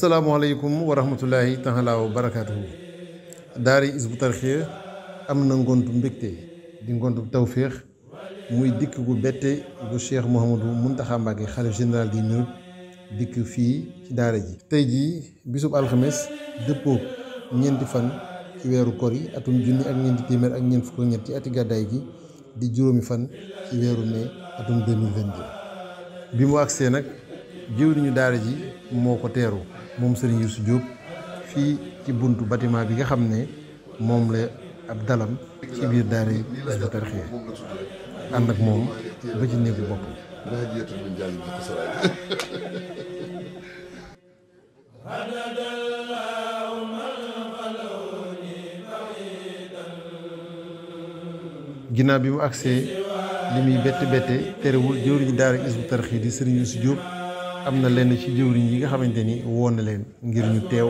asalaamaaleykum wa rahmatullahi taala wa barakaatuhu daari Hizbut Tarqiyyah am na ngontu mbégte di ngontu tawféex muy dikk gu bette gu Cheikh Mouhamadou Mountakha Mbacké xalif général di murit dikk fii ci daara ji tey jii bisub alxames dëppoo ñeenti fan ci weeru kor yi atum junni ak ñeenti téeméer ak ñeent fukk ñett ci ati gàddaay gi di juróomi fan ci weeru mai atum 2022 bi mu agsee nag jëwriñu daara ji moo ko teeru moom sëriñ Youssou Diop fii ci buntu bâtiment bi nga xam ne moom la ab dalam ci biir daara yi Hizbut Tarqiyyah ak moom ci néegu bopp ginnaaw bi mu agsee muy bette bette terewul jëwriñu daara Hizbut Tarqiyyah di sëriñ Youssou Diop am na lenn ci jëwriñ yi nga xamante ni woon na leen ngir ñu teew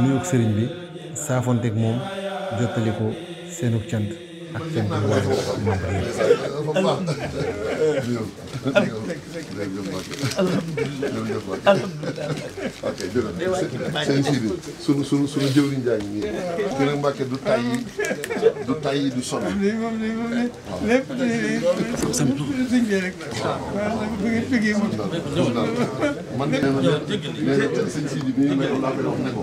nuyoog sëriñ bi saafonteeg moom jottali ko seenug cant ak cant yu war a mën a yëg. du tay du sonn. lépp man nee na nee na sëñ Sidi bi may laa koy wax ne ko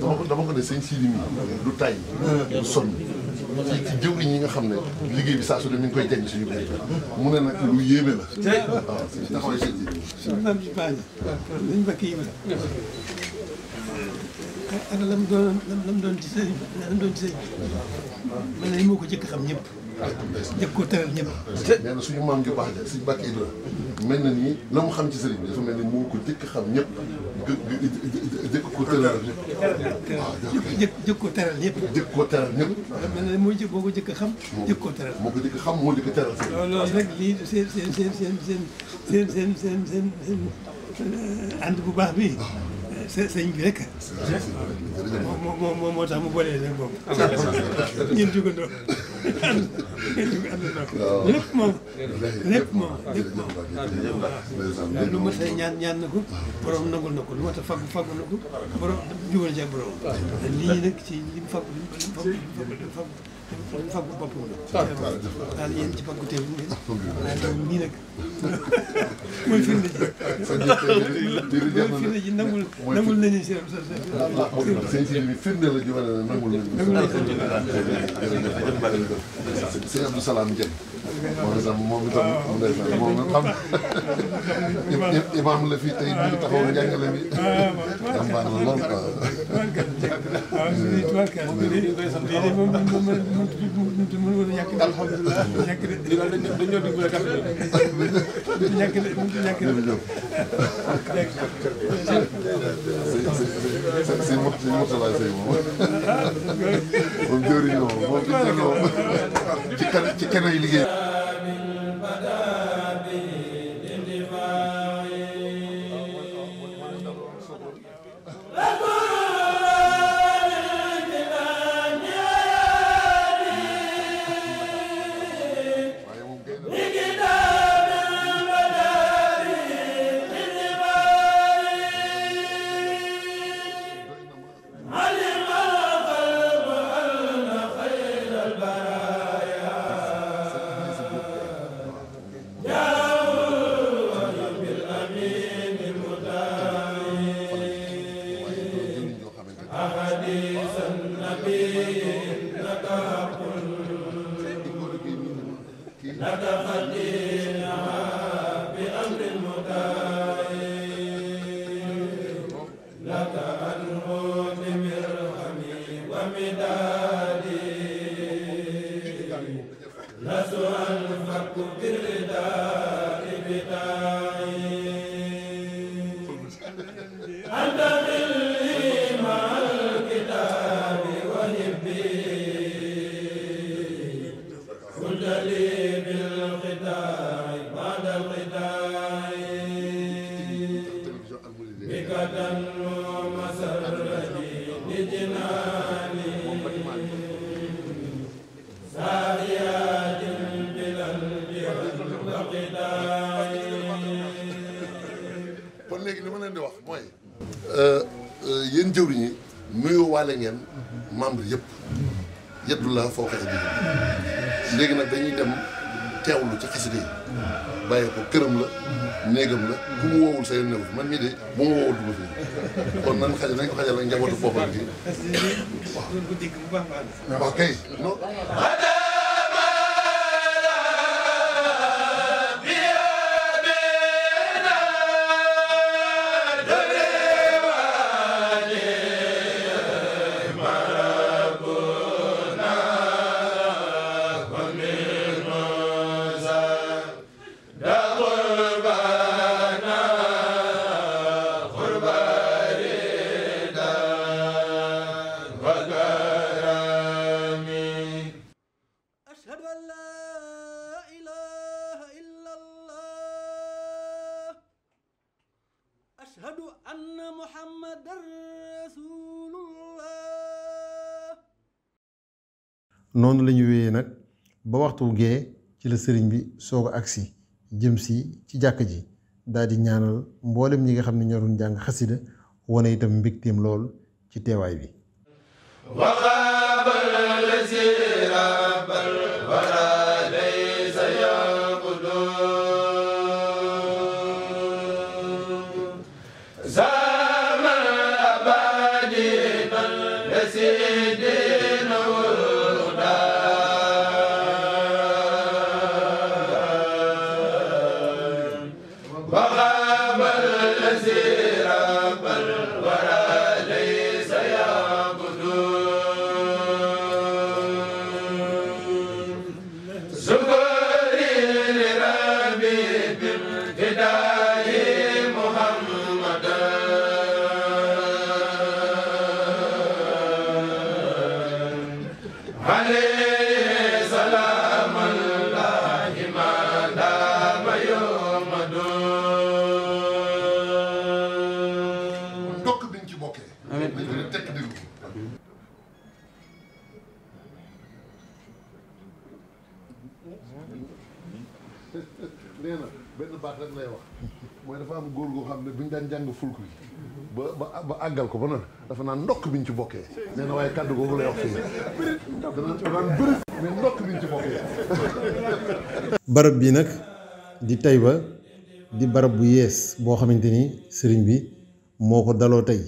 dama ko dama ko ne sëñ Sidi mi du tàyyi du sonn ci ci jëwriñ yi nga xam ne liggéey bi saa su ne mi ngi koy jàng suñu béykat mu ne nag lu yéeme la. waaw taxawal sëñ Sidi. ak lam doon lam doon ci sëriñ lam doon ci sëriñ mel na moo ko jëkk xam ñëpp jëkk ko tëral ñëpp nee na suñu maam ju baax de suñu bàkkee doon mel na nii la mu xam ci sëriñ bi dafa mel ni moo ko jëkk xam ñëpp jëkk ko tëral ñëpp jëkk jëkk ko tëral ñëpp jëkk ko tëral ñëpp mel na moo jëkk moo ko jëkk xam jëkk ko tëral moo ko jëkk xam moo jëkk tëral loolu rek lii seen seen seen seen seen seen seen seen seen ànd bu baax bi sëñ bi rek. moo moo moo tax mu boole leen moom. ñun jugandoo. lépp moom lépp moom lépp moom waaw lu ma tey ñaan ñaan na ko borom nangul na ko lu ma tey faggu faggu na ko borom jubal ci ak borom lii nag ci li mu faggu li mu faggu li mu faggu li mu faggu boppam la daal yéen ci faggu teew ngeen nii nag mooy firnde ji mooy firnde ji nangul nangul nañu seen seen firnde la ji wala nangul nañu si Abdou Salaam Dieng moom itam moom itam mu lay fay moom itam imaam la fii tey mu ngi taxaw njàngale bi jàmbaar la lool quoi. waaw lii tubarkalla lii lii moom moom mënu woon a ñàkk de. alhamdulilah ñàkk de lii daal dañu dañu ñëw dimbale café bi. ñàkk de ñàkk de. jërëjëf. si si si Mourtala Seye moom. moom jëwriñ moom moom ci keneen ci keneen liggéey والفتح بالرداء woowaale ngeen membre yëpp yëddu la foo xasida yi léegi nag dañuy dem teewlu ci xasida yi bàyyi ko këram la néegam la ku mu woowul say néew man mii de bu ma woowul duma fi kon nan xajal nañ ko xajal ak njabootu boppam gi waaw waaw kay noonu la ñu wéyee nag ba waxtu gee ci la sëriñ bi soo ko agsi jëm si ci jàkk ji daal di ñaanal mboolem ñi nga xam ne ñoo doon jàng xasida wane itam mbégteem lool ci teewaay bi. Merci dafa am goo xam ne daan jàng fulku ba àggal ko ba dafa naan ndokk bi ci bokkee nee na waaye kàddu barab bi nag di ba di barab bu yees boo xamante ni sëriñ bi moo ko daloo tey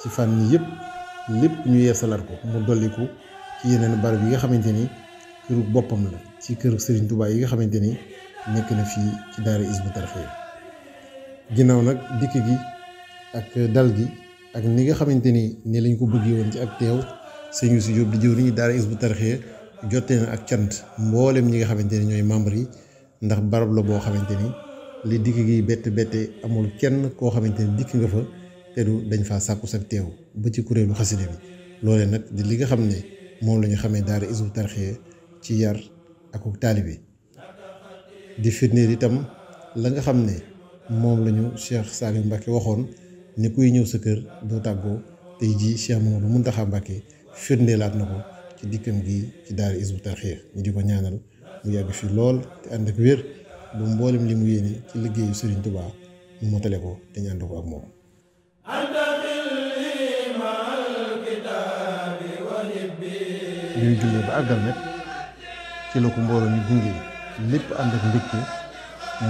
ci fànn yi yëpp lépp ñu yeesalaat ko mu dolliku ci yeneen barab yi nga xamante ni këru boppam la ci këru sëriñ dubaay yi nga xamante ni nekk na fii ci daara Hizbut Tarqiyyah ginnaaw nag dikk gi ak dal gi ak ni nga xamante ni ni lañ ko bëggee woon ci ak teew sëñ Youssou Diop di jëwriñu daara Hizbut Tarqiyyah jotee na ak cant mboolem ñi nga xamante ni ñooy membre yi ndax barab la boo xamante ni li dikk gi bette bette amul kenn koo xamante ni dikk nga fa te dañ faa sàkku sa teew ba ci kuréelu xasida bi loolee nag di li nga xam ne moom la ñu xamee daara Hizbut Tarqiyyah ci yar ak taalibe di firndeel itam la nga xam ne. moom la ñu Cheikh Salim Mbacke waxoon ni kuy ñëw sa kër doo tàggoo tey jii Cheikh Mamadou Mountakha Mbacke firndeelaat na ko ci dikkam gi ci daara Hizbut Tarqiyyah ñu di ko ñaanal mu yàgg fi lool te ànd ak wér ba mboolem li mu yéene ci liggéeyu Serigne Touba mu motale ko te ñu ànd ko ak moom. li ñu jullee ba àggal nag ci la ko mbooloo ñu lépp ànd ak mbégte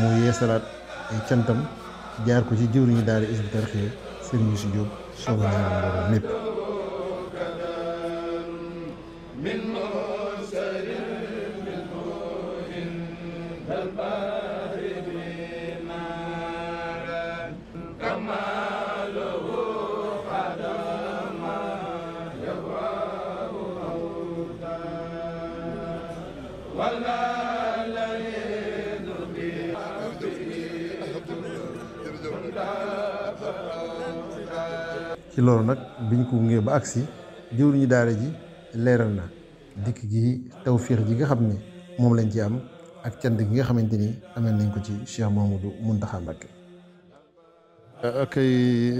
mu yeesalaat. ay cantam jaar ko ci jëwriñu daara Hizbut Tarqiyyah sëriñ Youssou Diop soxna naa am mépp ci loolu nag biñ ko ngee ba agsi jëwriñu daara ji leeral na dikk gi tawfiix ji nga xam ne moom lañ ci am ak cant gi nga xamante ni amee nañ ko ci Cheikh Mamadou Mountakha Mbacké euh, ak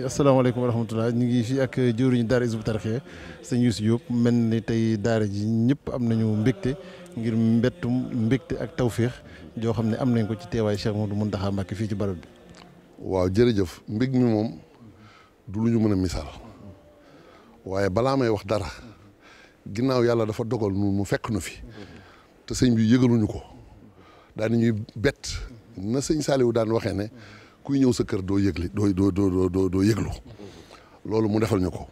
asalaamaaleykum wa rahmatulah ñu ngi fii ak jëwriñu daara Hizbut Tarqiyyah sëñ mel ni tey daara ji ñëpp am nañu mbégte ngir mbettum mbégte ak tawfiix joo xam ne am nañ ko ci teewaay Cheikh mun Mountakha Mbacké fii ci barab bi waaw jërëjëf mbég mi moom du lu ñu mën a missaal waaye balaa may wax dara ginnaaw yàlla dafa dogal nu mu fekk nu fi te sëñ bi yëgaluñu ko daan ñuy bett na sëñ Saliou daan waxee ne kuy ñëw sa kër doo yëgli doo doo doo doo doo yëglu loolu mu defal ñu ko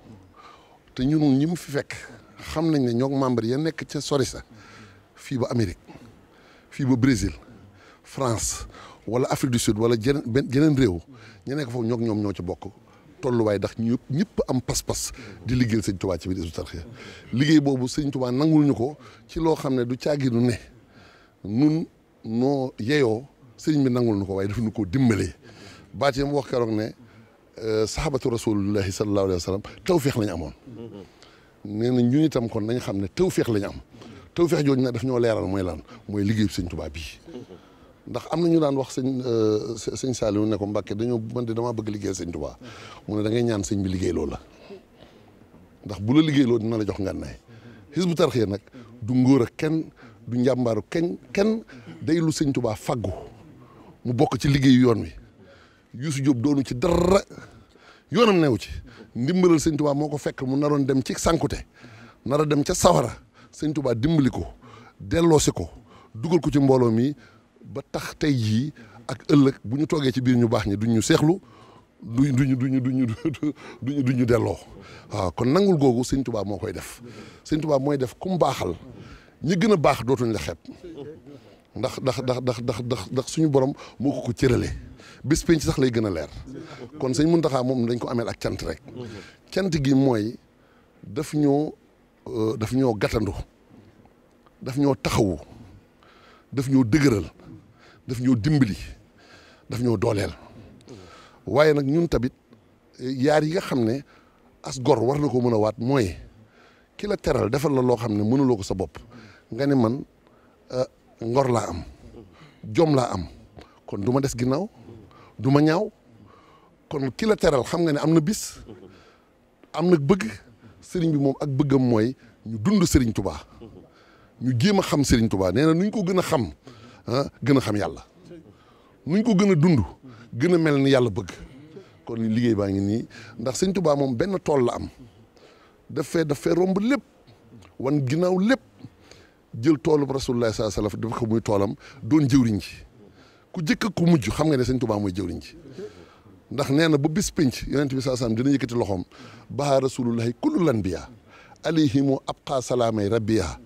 te ñun ñi mu fi fekk xam nañ ne ñoog membre ya nekk ca sori sa fii ba Amérique fii ba Brésil France walla Afrique du Sud wala jeneen beneen réew ñu nekk foofu ñoog ñoom ñoo ci bokk tolluwaay ndax ñu ñëpp am pas-pas di liggéeyal sëñ Tuubaa ci biir Hizbut Tarqiyyah liggéey boobu sëñ Tuubaa nangul ñu ko ci loo xam ne du caaginu ne nun noo yeyoo sëriñ bi nangul ñu ko waaye daf ñu ko dimbalee baat yi mu wax keroog ne euh, sahabatu rasulillahi sallallahu alayhi wa sallam tawféex lañ amoon nee na ñun itam kon nañ xam ne tawféex lañ am tawféex jooju nag daf ñoo leeral mooy lan mooy liggéey sëñ Tuubaa bii ndax am na ñu daan wax sëñ euh, sëñ Saliou ne ko Mbàkke dañoo man de damaa bëgg liggéey sëñ Tuubaa mu ne da ñaan sëñ bi liggéey loolu ndax bu la liggéey di dina la jox ngànnaay Hizbut Tarqiyyah nag du ngóor ak kenn du njàmbaaru kenn kenn day lu sëñ tubaa faggu mu bokk ci liggéeyu yoon wi Youssou Diop doonu ci dara yoonam new ci ndimbalal sëñ Tuubaa moo ko fekk mu naroon dem ci sànkute nar dem ca sawara sëñ Tuubaa dimbali ko delloosi ko dugal ko ci mbooloo mi ba tax tey jii ak ëllëg bu ñu toogee ci biir ñu baax ñi duñu ñu seexlu duñ duñu duñu duñu duñu duñu delloo waaw kon nangul googu sëñ Tuubaa moo koy def sëñ Tuubaa mooy def comme baaxal ñi gën a baax dootuñ la xeeb ndax ndax ndax ndax ndax ndax suñu borom moo ko ko cëralee bés penc sax lay gën a leer kon sëñ Muntaxaa moom dañ ko ameel ak cant rek cant gi mooy daf ñoo euh, daf ñoo gàttandu daf ñoo taxawu daf ñoo dëgëral daf ñoo dimbali daf ñoo dooleel waaye nag ñun tamit eh, yaar yi nga xam ne as gor war na ko mën a waat mooy ki la teral defal la loo xam ne mënuloo ko sa bopp nga ne man ah, ngor laa am jom laa am kon duma des ginnaaw duma ma ñaaw kon ki la teral xam nga ne am na bis am na bëgg sëriñ bi moom ak bëggam mooy ñu dund sëriñ tubaa ñu jéem a xam sëriñ tubaa nee na nuñ ko gën a xam ah gën a xam yàlla nuñ ko gën a dund gën a mel ni yàlla bëgg kon liggéey baa ngi nii ndax sëñ Tuubaa moom benn tool la am daf fee daf fee romb lépp wan ginnaaw lépp jël toolu rasulullah saa salaf def ko muy toolam doon jëwriñ ji ku jëkk ku mujj xam nga ne sëñ Tuubaa mooy jëwriñ ji ndax nee na ba bis pénc yonent bi saa sallam dina yëkkati loxoom baha rasulullahi kullu lanbiya alayhimu abqa salaamay rabbiya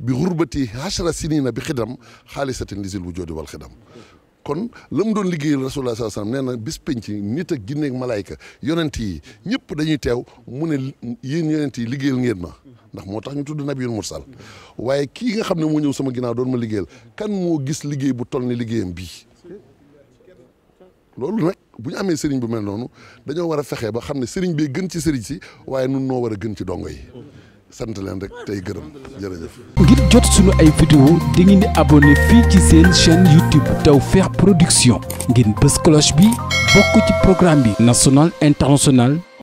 bi xurbati hachara sinina bi xidam xaalisatin lisil bu joodi wal xidam kon la mu doon liggéeyal rasulullah sallallahu alayhi wasallam nee na bis penc nit ak ginneeg malaayka yonent yi ñëpp dañuy teew mu ne yéen yonent yi liggéeyal ngeen ma ndax moo tax ñu tudd nabiyul mursal waaye kii nga xam ne moo ñëw sama ginnaaw doon ma liggéeyal kan moo gis liggéey bu toll ni liggéeyam bii loolu nag bu ñu amee sëriñ bu mel noonu dañoo war a fexe ba xam ne sëriñ bee gën ci sëriñ si waaye nun noo war a gën ci dongo yi sant leen rek tey gërëm jërëjëf. ngir jot sunu ay vidéo di ngeen di abonné fii ci seen chaîne YouTube Tawfekh Production ngir bës cloche bi bokk ci programme bi national international.